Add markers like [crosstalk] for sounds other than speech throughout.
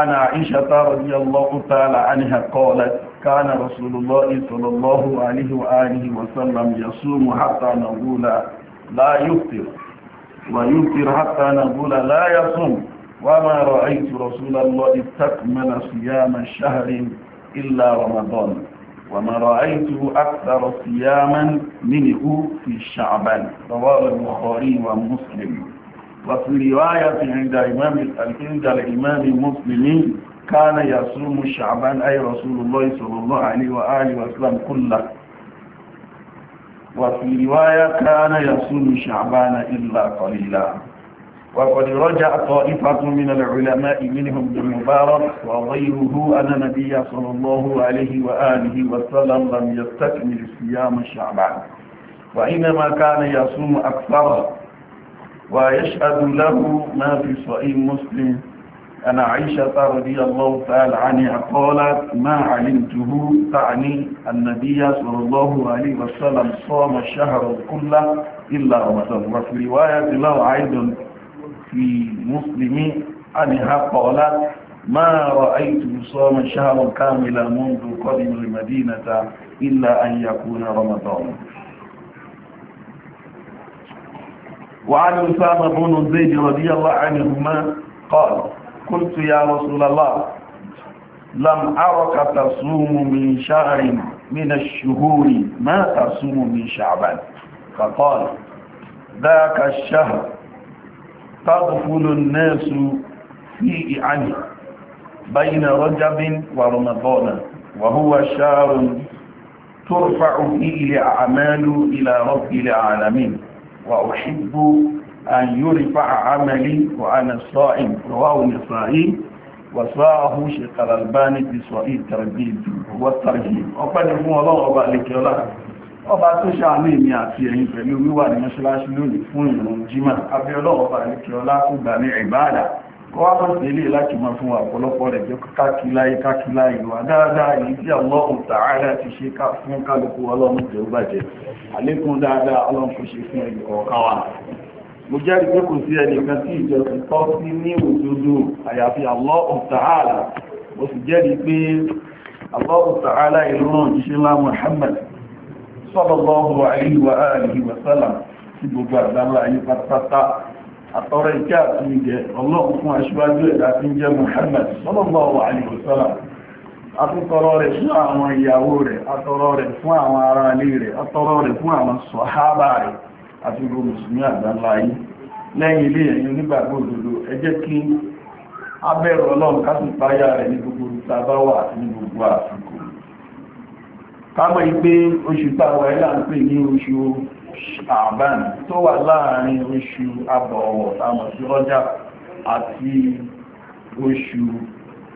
عن عائشة رضي الله تعالى عنها قالت كان رسول الله صلى الله عليه وآله وسلم يصوم حتى نقول لا يفطر ويفطر حتى نقول لا يصوم وما رأيت رسول الله استكمل صيام شهر إلا رمضان وما رأيته أكثر صياما منه في شعبان رواه البخاري ومسلم وفي رواية عند الإمام عند الإمام المسلمين كان يصوم شعبان أي رسول الله صلى الله عليه وآله وسلم كله وفي رواية كان يصوم شعبان إلا قليلا وقد رجع طائفة من العلماء منهم مبارك وغيره أن النبي صلى الله عليه وآله وسلم لم يستكمل صيام شعبان وإنما كان يصوم أكثر ويشهد له ما في صحيح مسلم أن عائشة رضي الله تعالى عنها قالت ما علمته تعني النبي صلى الله عليه وسلم صام الشهر كله إلا رمضان وفي رواية له عيد في مسلم عنها قالت ما رأيت صام الشهر كاملا منذ قدم المدينة إلا أن يكون رمضان وعن أسامة بن زيد رضي الله عنهما قال قلت يا رسول الله لم أرك تصوم من شهر من الشهور ما تصوم من شعبان فقال ذاك الشهر تغفل الناس فيه عنه بين رجب ورمضان وهو شهر ترفع فيه الأعمال إلى رب العالمين وأحب أن يرفع عملي وأنا صائم رواه النسائي وصاه شيخ الألباني في صحيح الترغيب والترهيب وقد يكون الله أبا لك الله ọba tó ṣàánú èmi àti ẹ̀yin pẹ̀lú wíwà ní mọ́ṣáláṣí lónìí fún ìrùn jímọ̀ abẹ́ ọlọ́ọ̀bà ní kí ọlá wá bọ́ sí ilé láti máa fún ọ̀pọ̀lọpọ̀ rẹ̀ jẹ́ kákíláyé kákíláyé wà dáadáa yìí tí Allahu Ta'ala ti ṣe fún kálukú ọlọ́run jẹ́ ó bàjẹ́ àlékún dáadáa ọlọ́run kò ṣe fún ẹnì kọ̀ọ̀kan wa mo jẹ́rìí pé kò sí ẹnìkan tí ìjọsìn àtọrọ ìkẹ́ àti ìgẹ̀ ọlọ́run fún aṣíwájú ẹ̀dá tí ń jẹ́ Muhammad sallallahu alaihi wasallam àtọrọ rẹ̀ fún àwọn ìyàwó rẹ̀ àtọrọ rẹ̀ fún àwọn ará ilé rẹ̀ àtọrọ rẹ̀ fún àwọn sọ̀hábà rẹ̀ àti gbogbo ṣàbán tó wà láàrin oṣù àbọ̀wọ̀ owo rọ́jà àti oṣù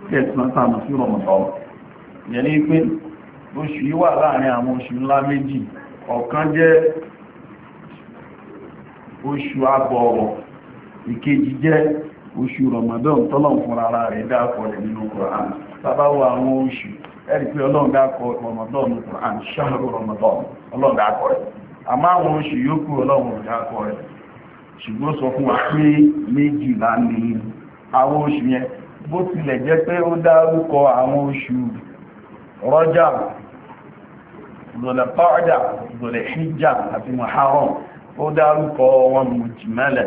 kẹsàn tàmọ̀ sí yẹ ní pé oṣù yí wà láàrin àwọn oṣù ńlá méjì ọ̀kan jẹ́ oṣù àbọ̀wọ̀ ìkejì jẹ́ oṣù tọ́lọ̀ ara ọlọ́run dákọ̀ rọmọdọ̀n Qur'an ṣáàrù ọlọ́run àmọ́ àwọn oṣù yòókù ọlọ́run ò dákọ rẹ̀ ṣùgbọ́n sọ fún wa pé méjìlá ni àwọn oṣù yẹn bó tilẹ̀ jẹ́ pé ó dárúkọ àwọn oṣù rọ́jà zọlẹ̀ pọ́ọ̀dà zọlẹ̀ hijja àti muharram ó dárúkọ wọn mùjìmẹ́lẹ̀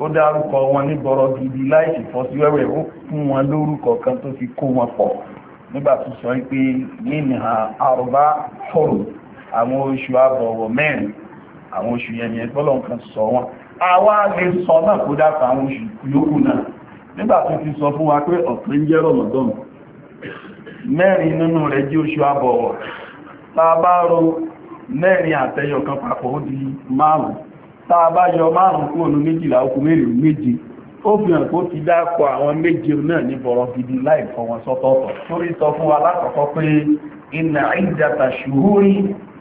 ó dárúkọ wọn ní gbọ́rọ̀ gidi láìsí fọ́síwẹ́wẹ́ ó fún wọn lórúkọ kan tó fi kó wọn pọ̀ nígbà tó sọ pé nínú àrùbá fọ́rùn àwọn oṣù àbọ̀wọ̀ mẹ́rin àwọn oṣù yẹn yẹn tọ́lọ̀ nǹkan sọ wọn àwa lè sọ náà kó dáta àwọn oṣù yòókù náà nígbà tó ti sọ fún wa pé ọ̀pìn jẹ́ rọ̀mọ̀dọ́n mẹ́rin nínú rẹ̀ jẹ́ oṣù àbọ̀wọ̀ tá bá rò mẹ́rin àtẹyọ kan papọ̀ ó di márùn tá bá yọ márùn kúrò ní méjìlá okùn mẹ́rin méje ó fi hàn kó ti dákọ̀ àwọn méje náà ní bọ̀rọ̀ gidi láì fọ wọn sọ́tọ̀ọ̀tọ̀ torí sọ fún wa lákọ̀ọ́kọ́ pé ìnà ìjàtà ṣùhúrí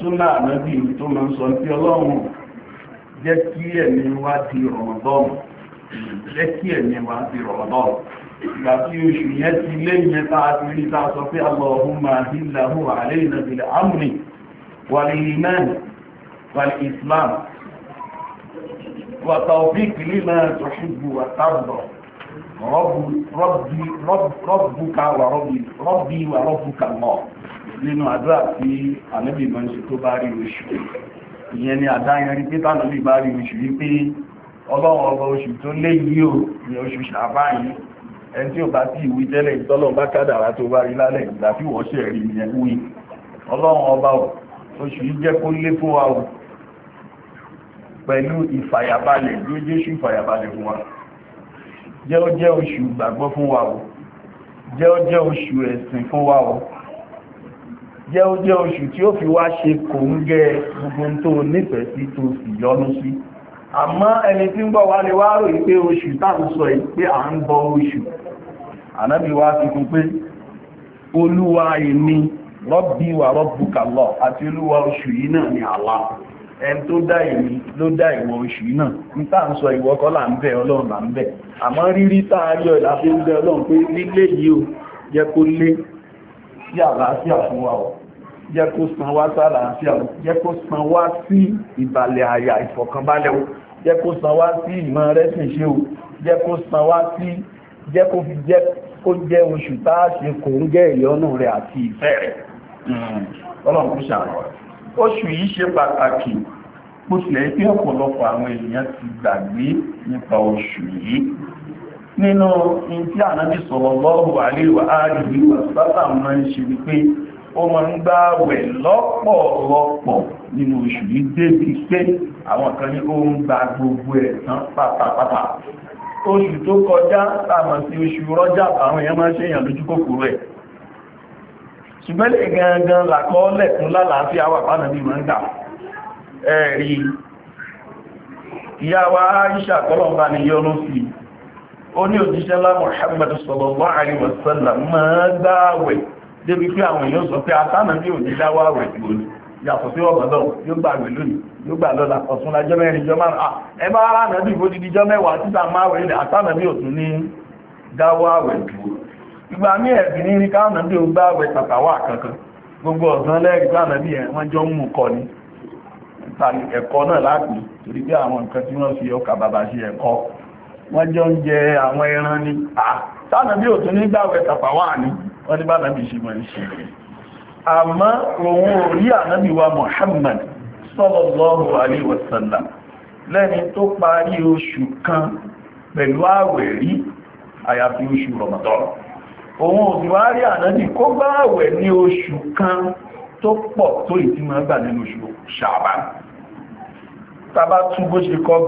súnà ànábì tó máa ń sọ pé ọlọ́run jẹ́ kí ẹ̀mí wa di rọ̀mọ̀dọ́ọ̀mù jẹ́ kí ẹ̀mí wa di rọ̀mọ̀dọ́ọ̀mù ìgbà tí oṣù yẹn ti lé yẹn tá a ti rí tá sọ pé allahumma hillahu alayna bil amri wal iman wal islam wa tawfiq lima nínú àdúrà tí ànábì mọ́ ṣe tó bá rí oṣù ìyẹn ni àdáyẹnrí pé tánàbì bá rí oṣù wípé ọlọ́run ọba oṣù tó lé yìí ò ní oṣù ṣàbáyìí ẹni tí ó bá tí ìwí tẹ́lẹ̀ ìtọ́lọ̀ bá kádàrá tó bá rí lálẹ̀ ìgbàfí wọ́ṣẹ̀ rí ìyẹn wí ọlọ́run ọba oṣù yìí jẹ́ kó lé o pẹ̀lú ìfàyàbalẹ̀ ló jẹ́ oṣù ìfàyàbalẹ̀ fún wa jẹ́ ó jẹ́ oṣù gbàgbọ́ fún wa o jẹ́ ó ẹ̀sìn fún wa o jẹ́ ó jẹ́ oṣù tí fi wá ṣe kò ń gẹ gbogbo tó nífẹ̀ẹ́ sí tó sì yọnú sí àmọ́ ẹni tí ń bọ̀ wá lè wá rò oṣù a sọ à ń bọ oṣù ànábì wa kún pé olúwa èmi rọ́bí rọ́bù kàlọ́ àti olúwa oṣù ni àlá ẹni tó dá èmi ló dá iwo oṣù yìí náà ní táà ń sọ ìwọ kọ́ là ń bẹ̀ ọlọ́run là ń bẹ̀ àmọ́ rírí ọlọ́run pé yìí jẹ́ kó san wá sára àti àwọn jẹ́ kó san wá sí ìbàlẹ̀ àyà ìfọ̀kànbalẹ̀ o jẹ́ kó san wá sí ìmọ̀ rẹ̀ sì ṣe o jẹ́ kó san wá sí jẹ́ kó fi jẹ́ kó jẹ́ oṣù tá a ṣe kò ń gẹ́ rẹ̀ àti ìfẹ́ rẹ̀ hmm. oṣù yìí ṣe pàtàkì bó tilẹ̀ pé ọ̀pọ̀lọpọ̀ àwọn èèyàn ti gbàgbé nípa oṣù yìí nínú ní tí ànábì sallallahu alaihi wa alihi wa sallam máa ń ṣe ni ó máa ń gbá wẹ̀ lọ́pọ̀lọpọ̀ nínú oṣù yìí débi pé àwọn kan ní ó ń gba gbogbo ẹ̀ tán pátápátá oṣù tó kọjá tààmà sí oṣù rọ́jà àwọn èèyàn máa ń ṣèyàn lójú kòkòrò ẹ̀ ṣùgbọ́n lè gangan làkọọ́lẹ̀ fún lálàáfíà wà pánà bí wọ́n ń gbà ẹ̀rí ìyá wa Aisha kọlọ̀mbà ni yọ́nú sí ó ní òjíṣẹ́ lá Muhammad sallallahu alaihi wasallam máa gbáwẹ̀ débi pé àwọn èèyàn sọ pé atánà ní òní dáwà rẹ̀ jù òní yàtọ̀ sí ọ̀gọ̀dọ̀ yóò gbà rẹ̀ lónìí yóò gbà lọ́la ọ̀sùn lajọ́ mẹ́rin jọ márùn ún ẹ bá ara nà bí ìbòdì díjọ́ mẹ́wàá títà máa rẹ̀ ilẹ̀ atánà ní òtún ní dáwà rẹ̀ jù ìgbà mí ẹ̀bì ní káànà bí ó gbà rẹ̀ tàtàwà kankan gbogbo ni ẹ̀kọ́ náà láti torí ni àtànà bí òtún ní gbà rẹ̀ tàtàwà wọ́n ní bá nàbí ṣe mọ̀ ṣe àmọ́ òun ò rí ànábì wa Muhammad sallallahu alaihi wasallam lẹ́ni tó parí oṣù kan pẹ̀lú ààwẹ̀ rí àyàfi oṣù Ramadan òun ò wá rí ànábì kó gbá ààwẹ̀ ní oṣù kan tó pọ̀ tó ìtímọ̀ gbà nínú oṣù ṣàbá tàbá tún bó ṣe kọ́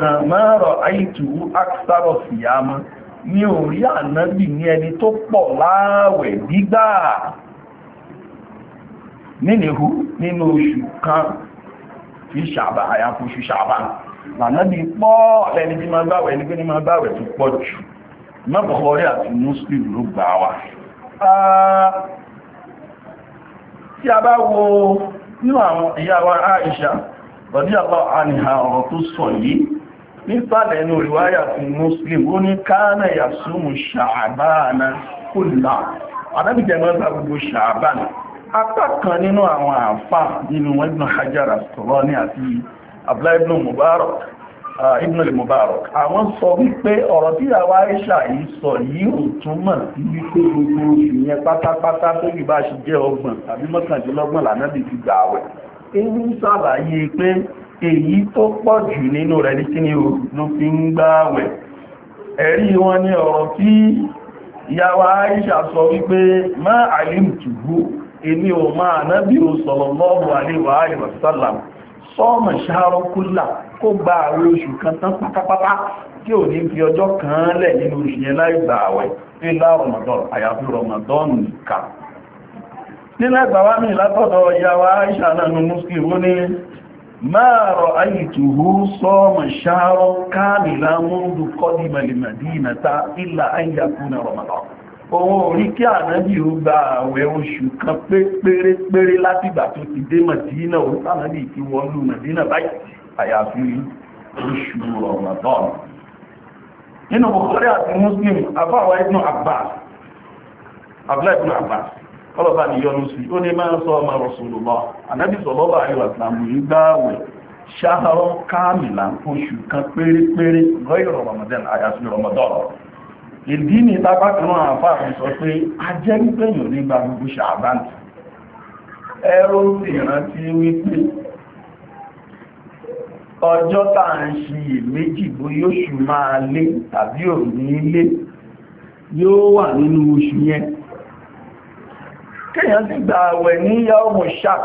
ní orí ànábì ní ẹni tó pọ̀ láàwẹ̀ gbígbà nínú nínú oṣù kan fi ṣàbà àyàfò oṣù ṣàbà lànábì pọ̀ lẹ́ni tí máa báwẹ̀ ní pé ní máa báwẹ̀ tó pọ̀ jù mọ́bọ̀kọ́rí àti muslim ló gbà wá tí a bá wo nínú àwọn ìyá wa Aisha radiyallahu anha ọ̀rọ̀ tó sọ yìí nísàlẹ̀ inú ìwáyà fún muslim ó ní káánà yàsúmù ṣàbáàna kùlá adábìjẹ́ mọ́ta gbogbo ṣàbáàna apá kan nínú àwọn àfà nínú wọn ibn hajar asqalani àti abla ibn mubarak ibn al-mubarak àwọn sọ wípé ọ̀rọ̀ tí àwa aisha yìí sọ yìí ò túmọ̀ sí wípé gbogbo ìyẹn pátápátá tó yìí èyí tó pọ̀ jù nínú rẹ̀ ní kíní ló fi ń gbààwẹ̀ ẹ̀rí wọn ní ọ̀rọ̀ tí ìyàwó Aisha sọ wípé má àlìmtùgbó èmi ò máa nábí ò sallallahu alaihi wa sallam sọ́ọ̀mọ̀ kó gba àwẹ̀ oṣù kan tán pátápátá tí fi kan Aisha ما رأيته صام شهرا كاملا منذ قدم المدينة إلا أن يكون رمضان Òun orí kí ànábì ó gba àwẹ̀ oṣù kan pérépéré láti ìgbà tó ti dé Mẹ̀dínà ó sànábì tí wọ́n lú Mẹ̀dínà báyìí àyàfi oṣù Ramadan. kọlọ̀bá ni yọnu sí ó ní máa sọ ọmọ Rasulullah anábì sọlọ́bà àríwá ìsìlámù yìí gbáwẹ̀ ṣáhárọ́ káàmìlà oṣù kan pérépéré kan sọ pé gbogbo ọjọ́ tá ń ṣe méjì bó yóò ṣù máa lé tàbí yóò wà nínú oṣù yẹn kéèyàn sì gbà àwẹ̀ ní yawmu shak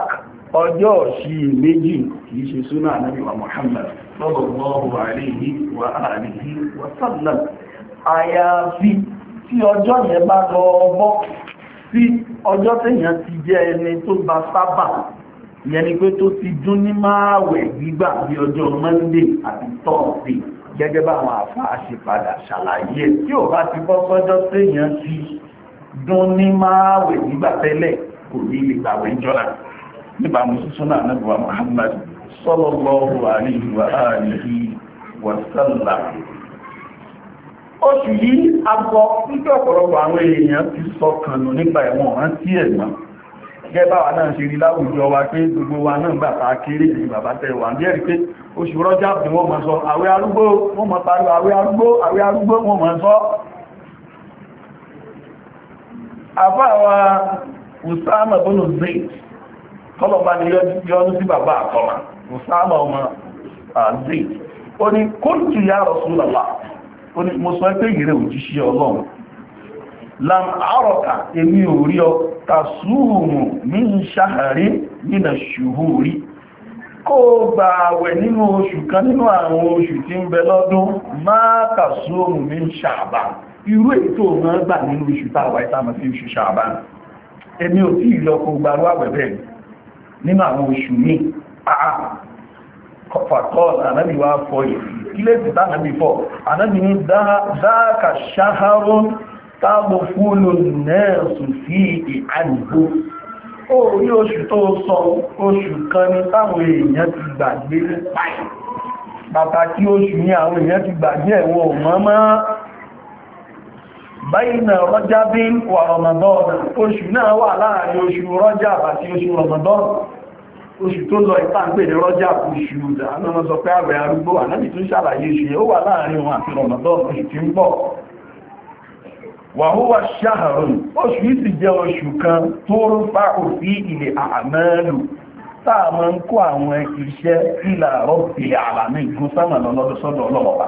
ọjọ́ ṣiyèméjì kìí ṣe súnà ànábì wa Muhammad sallallahu alayhi wa alihi wa sallam àyàfi tí ọjọ́ yẹn bá lọ ọbọ́ sí pé tó ti dún ní máàwẹ̀ gbígbà bí ọjọ́ Monday àti Thursday gẹ́gẹ́ bá àwọn àfáà ṣe padà ṣàlàyé tí ò bá ti bọ́ sọ́jọ́ tèèyàn ti dún ní máa wẹ̀ nígbà tẹ́lẹ̀ kò ní lè gbàwẹ̀ Muhammad oṣù yìí agbọ́ nígbà ọ̀pọ̀lọpọ̀ àwọn èèyàn ti nípa ẹ̀wọ̀n rántí ẹ̀gbọ́n gẹ́bà wà náà ṣe rí láwùjọ wa pé gbogbo wa náà gbà kéré ní bàbá tẹ́wà ní ẹ̀rí pé oṣù rọ́jà bí wọ́n sọ àwẹ́ arúgbó wọ́n máa pariwo àwẹ́ àbáwa usama bọ́nù zayd kọ́lọ̀ bá yọ́nú sí bàbá àtọ́mà usama ọmọ zayd ya Rasulullah ó ní mo sọ pé ìrẹ òjíṣẹ́ ọlọ́run lam àrọ̀kà èmi ò rí ọ tàṣúhùmù ní ṣàhàrí nínà ṣùhúrí kó gbà àwẹ̀ nínú oṣù kan nínú àwọn oṣù tí ń bẹ lọ́dún máa tàṣúhùmù irú èyí tó rán gbà nínú oṣù táwà ìtàmà sí oṣù ṣàbán ẹni ò tí ìlọ́kọ̀ gbarú àwẹ̀bẹ̀ nínú àwọn oṣù ní àà fàkọ́ ànábì wá fọ́ ilé ti tánàbì fọ́ ànábì ní dáàkà ṣáhárọ́ tábọ̀ fúnlò nẹ́ẹ̀sù sí ìhànìbó ó rí oṣù tó sọ oṣù kan ní táwọn èèyàn ti gbàgbé pàtàkì oṣù ní àwọn èèyàn ti gbàgbé ẹ̀wọ̀n mọ́mọ́ báyìí rọ́jábí wà rọmọdọ́nà oṣù náà wà láàrin oṣù rọ́já àti oṣù rọmọdọ́nà oṣù tó lọ ìpàǹgbè ní rọ́já oṣù ìdáná sọ pé àwẹ̀ arúgbó ànábì tún ṣàlàyé oṣù yẹn ó wà láàrin wọn àti rọmọdọ́nà oṣù tí ń bọ̀ wàhúwà ṣáàrùn oṣù yìí sì jẹ́ oṣù kan tó rú fa òfin ilẹ̀ àmẹ́lù táà máa ń kó àwọn iṣẹ́ ìlà rọ́bì àlàmì gún sámà lọ́lọ́dọ́sọ́dọ̀ ọlọ́wọ́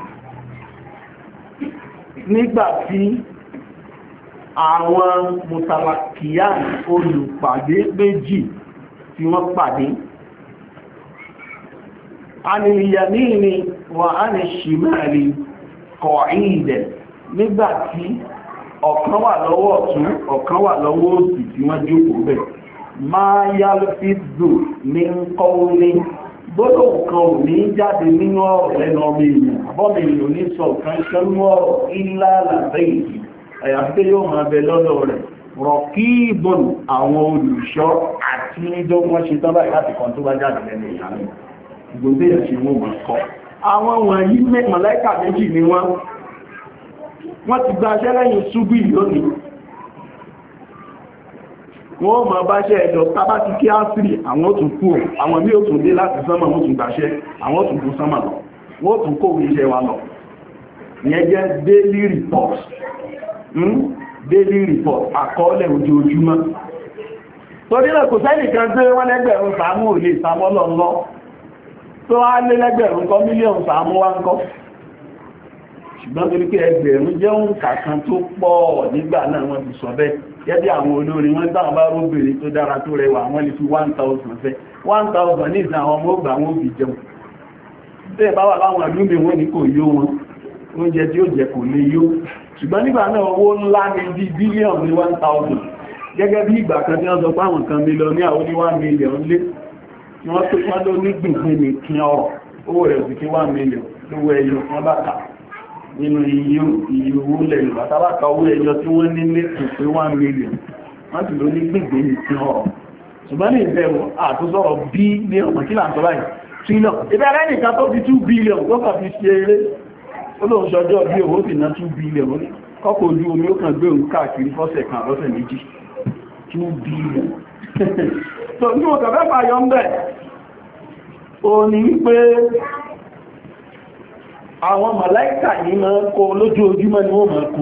nígbàtí àwọn mùsàlàkìyàn olùpàdé méjì tí wọ́n pàdé anìyàmíni wà ánìṣìmáàlì kọ̀ọ̀ìdẹ̀ nígbàtí ọ̀kan wà lọ́wọ́ ọ̀tún ọ̀kan wà lọ́wọ́ òsì tí wọ́n jókòó bẹ̀ máa yálùfíìzù ní kọ́wọ́ gbọ́dọ̀ kan ò ní jáde nínú ọ̀rọ̀ lẹ́nu ọmọ èèyàn àbọ́mọ èèyàn ní sọ kan ṣẹlú ọ̀rọ̀ ilá làbẹ́ ìdí àyàfẹ́ yóò máa bẹ lọ́dọ̀ rẹ̀ rọ̀kí ìbọn àwọn olùṣọ́ àti níjọ́ wọ́n ṣe tán báyìí láti kan tó bá jáde lẹ́nu ìyàn ìgbòdé ẹ̀ṣẹ̀ wọn máa kọ́ àwọn wọ̀nyí mẹ́mọ̀lẹ́kà méjì ni wọ́n wọ́n ti wọ́n mọ̀ bá ṣẹ́ tábá ti kí àwọn tún kú àwọn ò tún dé láti sánmà wọ́n tún gbàṣẹ́ àwọn tún lọ wọ́n tún kó wa lọ ìyẹn jẹ́ daily report hmm? daily report àkọọ́lẹ̀ ojoojúmọ́ torí náà kò sẹ́nì kan tó wọ́n lẹ́gbẹ̀rún sàmú ò lè sàmọ́ lọ tó wá lé lẹ́gbẹ̀rún sàmú wá ń kọ́ kan tó pọ̀ nígbà náà wọ́n ti sọ bẹ́ẹ̀ gẹ́bí àwọn olórin wọ́n tàà bá róbìnrin tó dára tó rẹwà wọ́n lè fi 1000 fẹ́ 1000 ní ìsìn àwọn ọmọ ògbà wọn òbí jẹun bá wà láwọn wọn ní kò yó wọn oúnjẹ tí ó jẹ kò lè yó ṣùgbọ́n nígbà náà owó ńlá ní bí ní 1000 gẹ́gẹ́ bí ìgbà kan tí wọ́n sọ pé àwọn kan àwọn ní 1 mílíọ̀n lé wọ́n nínú iye owó lẹ̀ Yorùbá tábàkà owó ẹyọ tí wọ́n ní lẹ́tù pé 1 million wọ́n sì ló ní gbègbè ìpín ọ̀rọ̀ ṣùgbọ́n ní ìbẹ̀rù àtúnṣọ́rọ̀ bílíọ̀n mọ̀kílà tó báyìí trillion ìbẹ̀rẹ̀ nìkan tó fi 2 billion tó kà fi ṣe eré olóòṣọjọ́ bí owó sì ná 2 billion kọ́kọ́ ojú omi ó kàn gbé òun káàkiri fọ́sẹ̀ kan lọ́sẹ̀ méjì billion [laughs] so ní òkàfẹ́ fàyọ́ ń bẹ̀ òní wípé àwọn màláìkà yìí máa ń kó lójoojúmọ́ ni wọ́n máa kó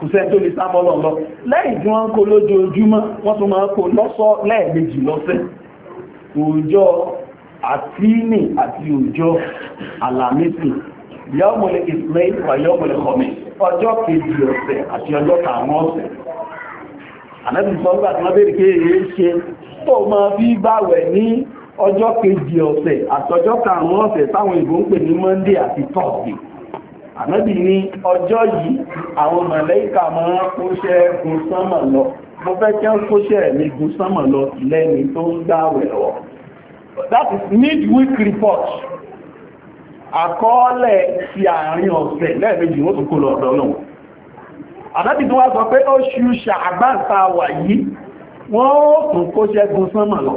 kò sẹ́ tó lè sábọ́ lọ́lọ́ lẹ́yìn tí wọ́n ń kó lójoojúmọ́ wọ́n tún máa kó lọ́sọ́ lẹ́ẹ̀mejì lọ́sẹ̀ òòjọ́ àtíínì àti òòjọ́ àlàmísì yọ́mùlẹ̀ ismail wà yọ́mùlẹ̀ kọ̀mí ọjọ́ kejì ọ̀sẹ̀ àti ọjọ́ kàrún ọ̀sẹ̀ ànábì sọ́gbà tí wọ́n bèèrè kéèyàn ṣe tó máa fi gbàwẹ̀ ọjọ́ kejì ọ̀sẹ̀ àtọjọ́ karùn-ún ọ̀sẹ̀ táwọn ìbò ń pè ní monday àti thursday ànábì ní ọjọ́ yìí àwọn màlẹ́kà máa ń kóṣẹ́ gun sánmà lọ mo fẹ́ kí wọ́n kóṣẹ́ mi gun sánmà lọ lẹ́ni tó ń gbààwẹ̀ lọ that is midweek report àkọọ́lẹ̀ ti àárín ọ̀sẹ̀ lẹ́ẹ̀mejì wọ́n tún kó lọ ọ̀dọ̀ náà àdábì tó wá sọ pé oṣù ṣàbáǹta wà yìí wọ́n ó tún kóṣẹ́ gun sánmà lọ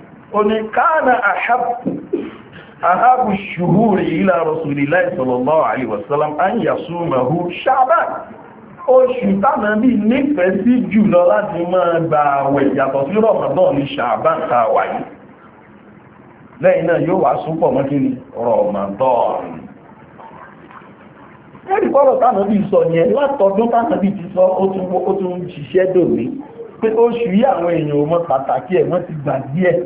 onikana ahabu-shuhuri Rasulullahi sallallahu alaihi wasallam an yasumahu Sha'ban oṣù tánàbí nífẹ̀ẹ́ sí jùlọ láti máa gba àwẹ̀ yàtọ̀ sí Ramadan ní Sha'ban tàwà yìí lẹ́yìn náà yóò wá súnpọ̀ ni Ramadan ẹ̀rí kọ́rọ̀ sọ yẹn látọdún tánàbí ti sọ ó tún ṣiṣẹ́ dòní pé oṣù yìí àwọn èèyàn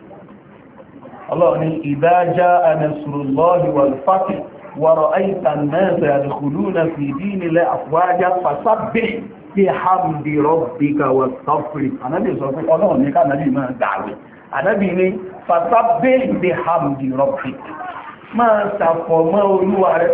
ọlọ́ọ̀ni ìdájá anasurullahi walfati wọ̀rọ̀ àìta mẹ́sẹ̀ àdìkùlúnà fi dínilẹ̀ àfúwájá fasábẹ̀ bí hamdi rọ́bíkà wà sọ́fìrì anábì sọ fún ọlọ́ọ̀ni kánábì máa dàrú anábì ní fasábẹ̀ bí hamdi rọ́bíkà máa sàfọ̀ mọ́ olúwa rẹ̀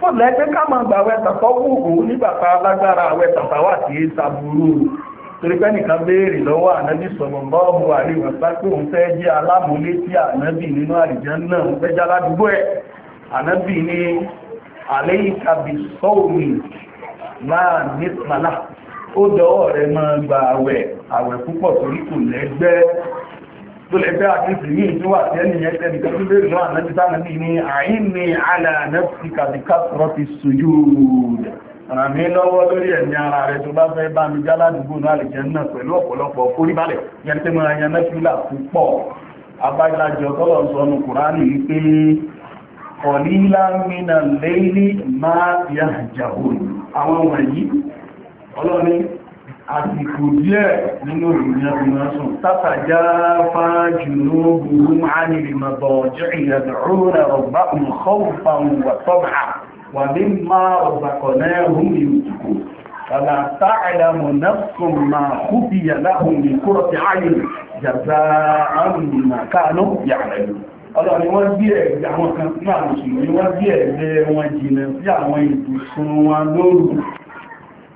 kò lẹ́gbẹ́ ká máa gbà àwẹ̀ tàtọ́ wùhù nígbàtà alágbára àwẹ̀ tàtà wà sí nìkan béèrè lọ́wọ́ ànábì sọ̀rọ̀ lọ́ọ̀bù àríwọ̀sá pé òun fẹ́ jẹ́ alámúlé nínú àrìjẹ́ náà tó lè fẹ́ àkíkì ní ìtúwà tí ẹni yẹn tẹ́lì tó lè rí náà lẹ́bí sáà nàbí ní àìní alànẹ́fíkà ti kásọ̀rọ̀ ti sojú ràn mí lọ́wọ́ lórí ẹ̀mí ara rẹ̀ tó bá fẹ́ bá mi jáládùgbò náà lè jẹ́ náà pẹ̀lú ọ̀pọ̀lọpọ̀ foríbalẹ̀ yẹn tí mo ra yan mẹ́fílà púpọ̀ máa yà jàhùn àwọn wọ̀nyí ọlọ́ni àsìkò díẹ̀ nínú ìrìnà ìmọ̀sùn tàtàjá fáájú lóògùn mánìlì mọ̀bọ̀ ọjọ́ ìyàdọ̀rọ̀ ọ̀bá ọmọkọ̀ọ̀fà wàtọ́bà wà ní máa ọ̀bàkọ̀ náà hùn ìrùkù فلا تعلم نفس ما خفي لهم من قرة ọlọ́run ni wọ́n bí ẹ̀gbẹ́ àwọn kan náà mùsùlùmí wọ́n bí ẹ̀gbẹ́ wọn jìnà sí àwọn ìbùsùn wọn lóòrùn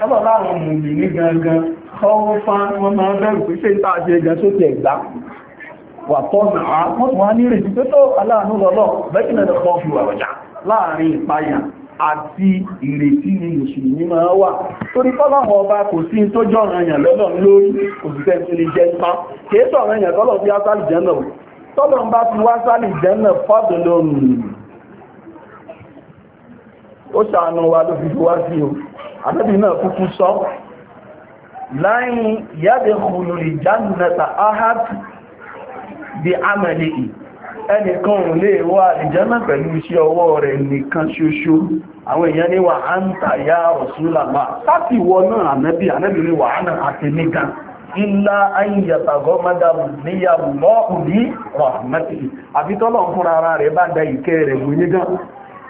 lọ́pọ̀ láwọn mùmí ní gangan ọwọ́ fán wọn máa bẹ̀rù pé ṣe ń tàà ṣe ẹgbẹ̀ sókè ẹ̀gbá wà tọ́nà àmọ́tùnwá ní rètí pé tó aláàánú lọ́lọ́ bẹ́kìnà lọ́pọ̀ fi wà wọ̀já láàrin ìpayà àti ìrètí ni mùsùlùmí máa wà torí fọ́lọ́wọ́ ọba kò sí tó jọ́ràn èèyàn lọ́lọ́ lórí òṣìṣẹ́ tó lè jẹ́ nípa kìí sọ̀rọ̀ èèyàn tọ́lọ̀ fi á sálì jẹ́nà tọ́lọ̀ ó ṣàánú wa ló fi wá sí o náà kúkú sọ láyìn yàbẹ̀ kùlù ìjánilẹ́ta ahad di amẹ́lẹ̀ ẹnìkan ò lè wà àlìjánà pẹ̀lú iṣẹ́ ọwọ́ rẹ̀ nìkan ṣoṣo àwọn èèyàn ní wà á ń tà yá rọ̀súlàmà sáti wọ náà ànẹ́bì ànẹ́bì ní wà àti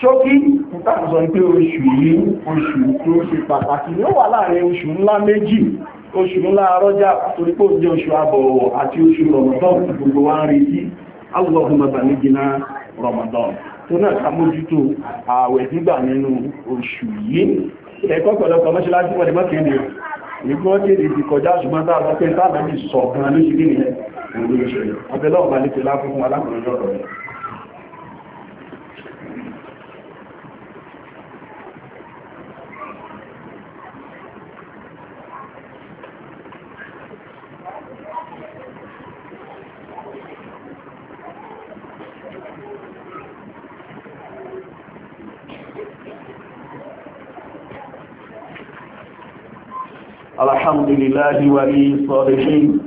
ṣókí ìtàkùsọ̀ pé oṣù yìí oṣù tó ṣe pàtàkì ní ó wà láàrin oṣù ńlá méjì oṣù ńlá rọ́jà torí pé ó jẹ́ oṣù àbọ̀wọ̀ àti oṣù rọ̀mọ̀dán gbogbo wa ń retí Allahumma baligina rọ̀mọ̀dán tó náà sàmójútó ààwẹ̀ gbígbà nínú oṣù yìí ẹ̀kọ́ pẹ̀lọpọ̀ mọ́ṣáláṣí wọ́n mọ́ kéde ìgbọ́n kéde ti kọjá ṣùgbọ́n tá àbọ̀ pé táàbẹ̀ sọ̀kan lóṣù nínú ọ̀rọ̀ ìṣẹ̀lẹ̀ ọbẹ̀ lọ́ọ̀bà ní pẹ̀lá fún alákùnrin lọ́rọ̀ rẹ̀ الحمد لله ولي الصالحين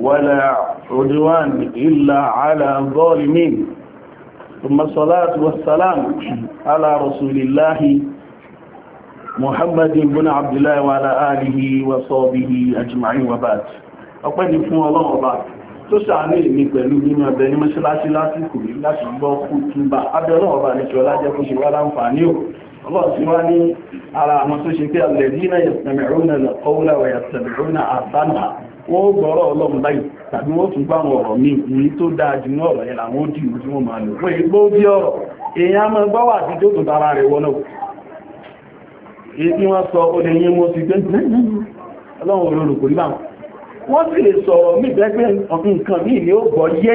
ولا عدوان إلا على الظالمين ثم الصلاة والسلام على رسول الله محمد بن عبد الله وعلى آله وصحبه أجمعين وبعد ọpẹ́ ni fún ọlọ́run ọba tó ṣàánú èmi pẹ̀lú nínú ẹbẹ̀ ní mọ́ṣáláṣí lásìkò yìí láti gbọ́ kú túnbà abẹ́ ọlọ́run ọba ní kí ọlá jẹ́ kó ṣe wá láǹfààní ò Allah ti wá ní ara àwọn tó ṣe pé alladhina yastami'una al-qawla wa yattabi'una ahsanahu wọ́n gbọ́rọ̀ ọlọ́run báyìí tàbí wọ́n tún gbá àwọn ọ̀rọ̀ mi ní tó dáa jù ní ọ̀rọ̀ yẹn làwọn ó dì ìlú tí wọ́n máa lò fún igbó bí ọ̀rọ̀ èèyàn mọ́ gbọ́ wà sí tó tún tara rẹ̀ wọ́n náà wọ́n sì lè sọ̀rọ̀ mí bẹ́gbẹ́ nǹkan mí ni ó gbọ́ yé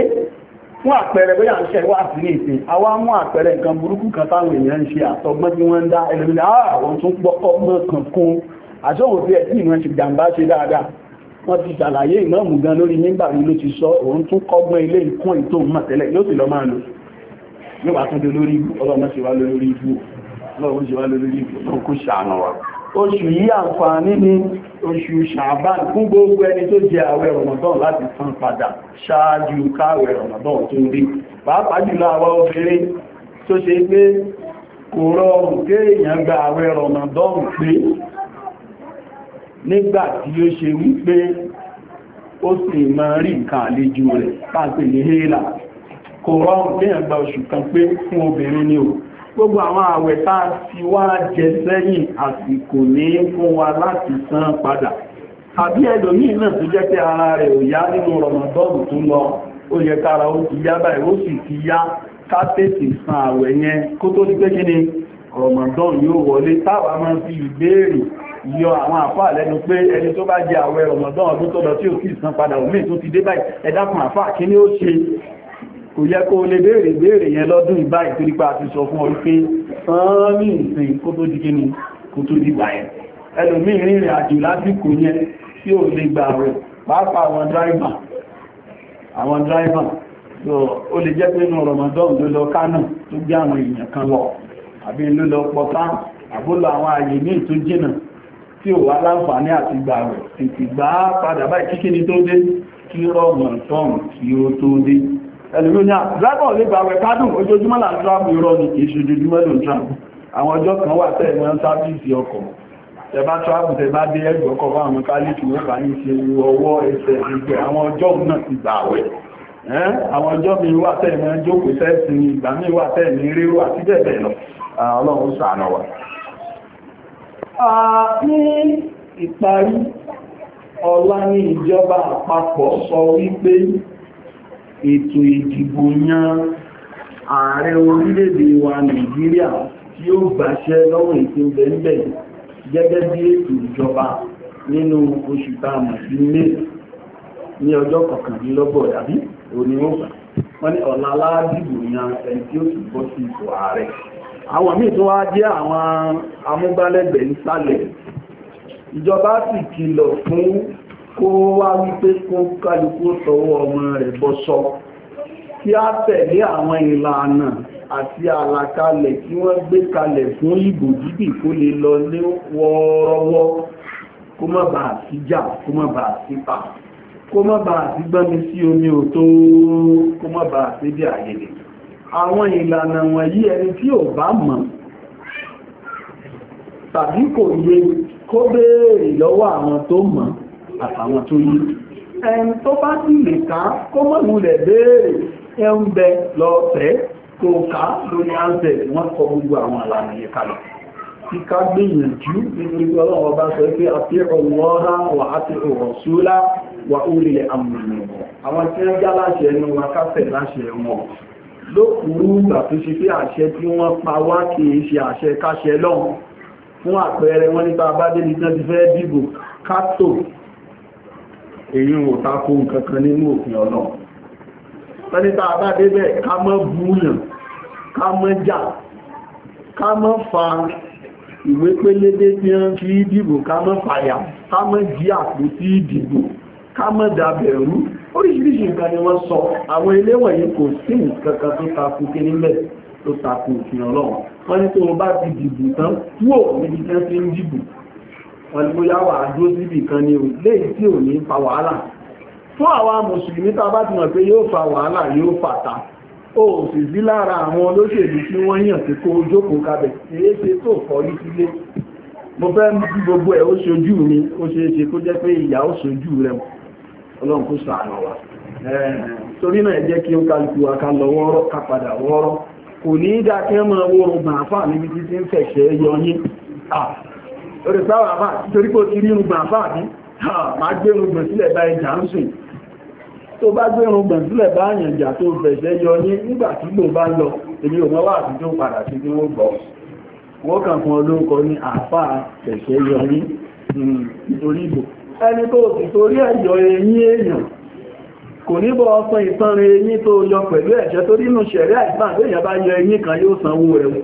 fún àpẹẹrẹ bóyá ń ṣe wá sí ní ìsìn àwa mú àpẹẹrẹ nǹkan burúkú kan táwọn èèyàn ń ṣe àtọgbọ́n tí wọ́n ń dá ẹlòmínà àwọn ah, tún gbọ́kọ́ mọ́ kankan àti òun fi ẹ̀sìn ìwọ̀n ti jàǹbá ṣe dáadáa wọ́n ti ṣàlàyé ìmọ̀ọ̀mù gan lórí nígbà rí ló ti sọ òun tún kọ́gbọ́n ilé ìkún ètò mọ̀ tẹ́lẹ̀ yóò sì lọ máa lò nígbà tó dé lórí ibú ọlọ́mọ ṣe wá lórí ibú ọlọ́run ṣe wá lórí ibú ọlọ́run kò ṣàánú wa oṣù yìí àǹfààní ní oṣù ṣàbán fún gbogbo ẹni tó jẹ àwẹ̀ Ramadan láti san padà ṣáájú káwẹ̀ Ramadan tó rí pàápàá jùlọ àwọn obìnrin tó ṣe pé kò rọrùn kéèyàn gba àwẹ̀ Ramadan pé nígbà tí ó ṣe wípé ó sì máa rí nǹkan àlejò rẹ̀ pàtàkì ní hélà kò rọrùn kéèyàn gba oṣù kan pé fún obìnrin ni o gbogbo àwọn àwẹ̀ tá a ti wá jẹ sẹ́yìn àsìkò ní fún wa láti san padà àbí ẹlòmíì náà tó jẹ́ pé ara rẹ̀ ò yá nínú rọ̀mọ̀dọ́ọ̀mù tó lọ ó yẹ kára ó ti yá báyìí ó sì ti yá ká san àwẹ̀ yẹn kó tó di pé kí ni rọ̀mọ̀dọ́ọ̀mù yóò wọlé táwa máa fi ìbéèrè yọ àwọn àfáà lẹ́nu pé ẹni tó bá jẹ àwẹ̀ rọ̀mọ̀dọ́ọ̀mù tó lọ tí ò sì san padà òmíì tó ti dé báyìí ẹ̀dákun àfáà kí ni ó ṣe kò yẹ kó lè béèrè béèrè yẹn lọ́dún ìbá ìtorípa àti sọ fún ọ pé sánmì ìsìn kó tó dìkẹ́ ni kó tó dìgbà ẹ̀ ẹlòmí rìnrìn àjò lásìkò yẹn tí ò lè gbà rẹ̀ pàápàá àwọn dráìbà àwọn dráìbà so ó lè jẹ́ pé inú Ramadan ló lọ kánà tó gbé àwọn èèyàn kan lọ àbí ló lọ pọtá àbúlọ àwọn àyè ní ìtó jìnà tí ò wá láǹfààní àti gbà rẹ̀ tètè gbà padà báyìí kíkíni tó dé kí Ramadan kí ó tó dé ẹlùmíní àdúrágbọ̀n lè gbàwẹ̀ kádùn ojoojúmọ́ là ń ní àwọn ọjọ́ kan wà tẹ́ ìwọ̀n sáfíìsì ọkọ̀ tẹbá dé ẹgbẹ̀ ọkọ̀ fún àwọn kálíkì ní ṣe ọwọ́ ẹsẹ̀ ìgbẹ̀ àwọn ọjọ́ náà ti gbàwẹ̀ àwọn ọjọ́ mi wà jókòó ní ìgbà ètò ìdìbò yan ààrẹ orílẹ̀-èdè wa Nàìjíríà tí ó gbàṣẹ́ lọ́wọ́ ètò bẹ̀ẹ̀bẹ̀ gẹ́gẹ́ bí ètò ìjọba nínú oṣù tààmù ilé ní ọjọ́ kọkànlélọ́gbọ̀ dàbí òní ó gbà wọ́n ní ọ̀la aládìbò yan ẹni tí ó sì bọ́ sí ipò ààrẹ àwọn míì tó wá jẹ́ àwọn amúgbálẹ́gbẹ̀ẹ́ ìsàlẹ̀ ìjọba sì kìlọ̀ fún kó wá wípé kó kálukú tọwọ́ ọmọ rẹ̀ bọ́ sọ kí á tẹ̀lé àwọn ìlànà àti àlàkalẹ̀ tí wọ́n gbé kalẹ̀ fún ìbò dídì kó lè lọ ní wọ́ọ́rọ́wọ́ kó má bàá sí jà kó má bàá sí pa kó má bàá sí gbọ́mi sí omi ò tó kó má bàá sí bí àyèlè àwọn ìlànà wọ̀nyí ẹni tí ò bá mọ̀ tàbí kò yé kó béèrè lọ́wọ́ àwọn tó mọ̀ àtàwọn tó yí ẹni tó bá sì lè ká kó mọ̀mú rẹ̀ béèrè ẹun bẹ lọ tẹ́ kó ká lórí áńsẹ̀ wọ́n kọ gbogbo àwọn àlànà yẹn kalẹ̀ kíká gbìyànjú nítorí ọlọ́run ọba sọ pé àti ọlọ́ra wà àti ọ̀rọ̀súlá wà orílẹ̀ àmùrùn àwọn tí wọ́n já láṣẹ ẹnu wa kásẹ̀ láṣẹ wọn lókùrú àti ṣe pé àṣẹ tí wọ́n pa wá kì í ṣe àṣẹ káṣẹ lọ́hùn fún àpẹẹrẹ wọn nípa abádé nìkan ti fẹ́ dìbò kátó èyí ò tako nǹkankan nínú òfin ọ̀nà tẹ́lítà àbádébẹ̀ ká mọ́ búyàn ká mọ́ jà ká mọ́ fa ìwé pélédé tí ó ń fi ìdìbò ká mọ́ fàyà ká mọ́ jí àpótí ìdìbò ká mọ́ dàbẹ̀rú oríṣiríṣi nǹkan ni wọ́n sọ àwọn ilé wọ̀nyí kò sí nǹkankan tó tako kí nílẹ̀ tó tako òfin ọlọ́run wọ́n ní tó bá ti dìbò tán wò níbi tí wọ́n ti ń dìbò ọ̀lẹ́gbóyá wà dúró síbì kan ní léyìí tí ò ní fa wàhálà fún àwa mùsùlùmí tá bá ti mọ̀ pé yóò fa wàhálà yóò fàtà ó sì sí lára àwọn olóṣèlú tí wọ́n yàn sí kó jókòó kabẹ̀ èyí ṣe tó fọ́ ní sílé mo fẹ́ gbogbo ẹ̀ ó ṣojú mi ó ṣe é ṣe kó jẹ́ pé ìyá ó ṣojú rẹ̀ ọlọ́run kó ṣàánú wa torí náà jẹ́ kí ó kálukú wa ká lọ wọ́ọ́rọ́ ká padà wọ́ọ́rọ́ kò ní í dá kí wọ́n máa wọ́n gbà níbi títí ń fẹ̀ṣẹ̀ yọ yín orí sáwà àbá torí kò ti rí irùngbọ̀n àbá àbí máa gbé irùngbọ̀n sílẹ̀ bá ẹjà ń sùn tó bá gbé irùngbọ̀n sílẹ̀ bá àyànjà tó bẹ̀ṣẹ̀ yọ ní nígbà tí lò bá lọ èmi ò mọ́ wà àtijọ́ padà sí ní wọ́n gbọ́ wọ́n kàn fún olóńkọ ní àfà bẹ̀ṣẹ̀ yọ ní hmm, nítorí ìbò ẹni tó sì torí ẹ̀yọ eyín èèyàn kò ní bọ́ ọsán ìtàn eyín tó yọ pẹ̀lú ẹ̀ṣẹ̀ torí inú ṣẹ̀rí àìsàn tó èèyàn bá yọ eyín kan yóò sanwó rẹ̀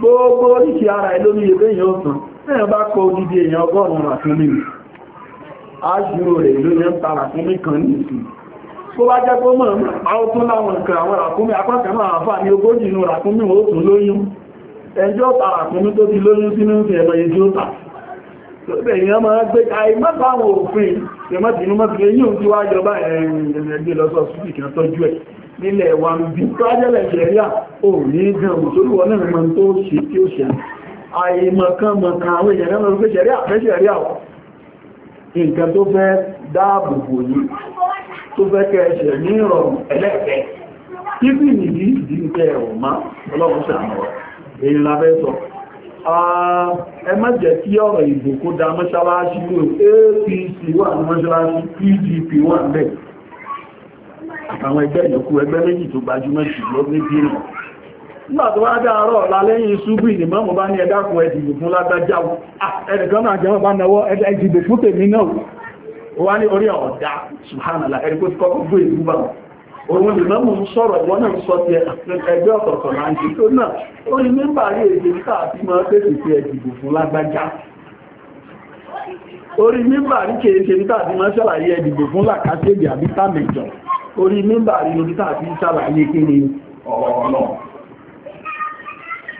gbogbo oríṣi ara ìlómi ìwé èèyàn ọ̀sán ẹ̀yàn bá kọ odidi èèyàn ọgọ́rùn-ún ràkúnmí ájúrò rẹ̀ ló ní ń ta ràkúnmí kan ní ìsù tó bá jẹ́ pé mọ̀ àwọn tún láwọn nǹkan àwọn ràkúnmí apákan náà àfà ní ogójì inú tún ta nílẹ̀ wà bí pàjẹ́lẹ̀ ìṣẹ̀ríà ò ní gan òṣòlùwọ́ náà mọ́ tó ṣe tí ó ṣe àìmọ̀kánmọ̀kán àwọn èèyàn náà lọ́pẹ́ ṣẹ̀ríà fẹ́ ṣẹ̀ríà nǹkan tó fẹ́ dáàbòbò yìí tó fẹ́ kẹ́ẹ̀ṣẹ̀ ní ìrọ̀rùn ẹlẹ́ẹ̀kẹ́ títí nìdí ìdínkẹ́ ẹ̀rùn má ọlọ́run ṣàmọ̀ èyí labẹ́ sọ ẹ má jẹ́ kí ọ̀rọ̀ ìbò kó da mọ́ṣáláṣí lóò apc wà ní mọ́ṣáláṣí pdp wà bẹ́ẹ̀ àtàwọn ẹgbẹ́ ìyókù ẹgbẹ́ méjì tó gbajúmọ̀ jù lọ ní bí nù nígbà tó wá dá àárọ̀ ọ̀la lẹ́yìn ṣubú ìnìmọ́ mo bá ní ẹ̀dàkùn ẹ̀dìgbò fún lágbájá ẹnìkan náà jẹ́wọ́ bá náwọ́ ẹ̀dìgbò fún tèmi náà ó wá ní orí ọ̀dá ṣùhánàlá ẹ̀rìkó ti kọ́kọ́ gbé ìlú bá wọn ní mẹ́mbà rí èdè káàkiri máa tètè fún lágbájá orí mẹ́mbà rí orí mímbà rí lórí tàbí sàlàyé kí ni ọ̀rọ̀ náà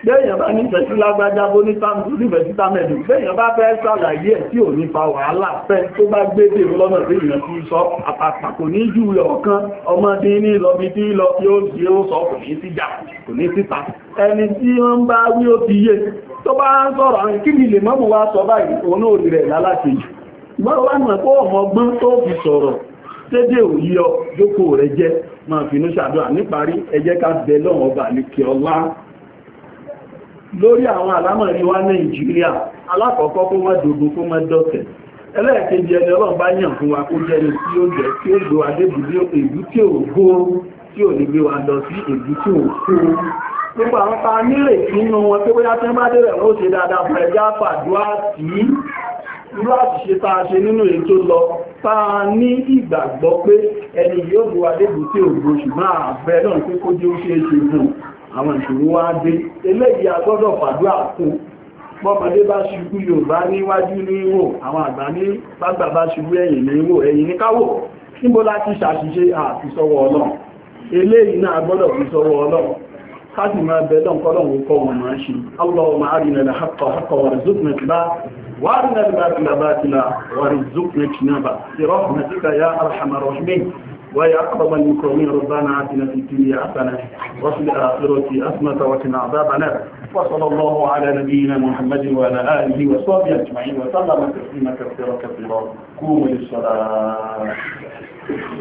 bẹ́ẹ̀yàn bá ní ìfẹ̀sí lágbájá bó ní sáàmùsùlùmẹ̀sítà mẹ́lú bẹ́ẹ̀yàn bá bẹ́ẹ̀ sàlàyé ẹ̀ tí ò ní fa wàhálà fẹ́ tó bá gbédè lọ́nà tí ìyàn tí sọ àpàpàkò ní jù ọ̀kan ọmọdé ní lọ́bí tí lọ tí ó sì ó sọ kò ní síjà kò ní síta ẹni tí wọ́n bá wí ó ti yé tó bá sọ̀rọ̀ tẹ́dé òyí ọ jókò rẹ jẹ́ máa fi níparí ẹ ká bẹ lọ́wọ́ ọlá lórí àwọn àlámọ̀rí nàìjíríà alákọ̀ọ́kọ́ kó má dogun kó má bá yàn fún wa kó tí ó jẹ́ èdú tí ò tí ò ní gbé lọ sí èdú tí wọn pé bóyá tí bá débẹ̀ fún irú àṣìṣe tá a ṣe nínú èyí tó lọ tá a ní ìgbàgbọ́ pé ẹni yóò bu adébù tí ò gbò ṣùgbọ́n àfẹ́ náà pé kó jẹ́ ó ṣe é ṣe fún àwọn ìṣòro wá dé eléyìí agbọ́dọ̀ fàdúrà fún bọ́mọdé bá ṣubú Yorùbá níwájú ní ìwò àwọn àgbà ní bàgbà bá ṣubú ẹ̀yìn ní ìwò ẹ̀yìn ní káwò níbo láti ṣàṣìṣe àti sọ́wọ́ Ọlọ́run eléyìí náà agbọ́dọ̀ fi sọ́wọ́ Ọlọ́run قاتل ما بدون قلون وقوم ماشي اللهم أرنا الحق حق وارزقنا اتباع وارنا الباطل باطلا وارزقنا اجتنابا برحمتك يا أرحم الراحمين ويا أقرب المكرمين ربنا آتنا في الدنيا حسنة وفي الآخرة حسنة وقنا عذاب وصلى الله على نبينا محمد وعلى آله وصحبه أجمعين وسلم تسليما كثيرا كثيرا قوموا للصلاة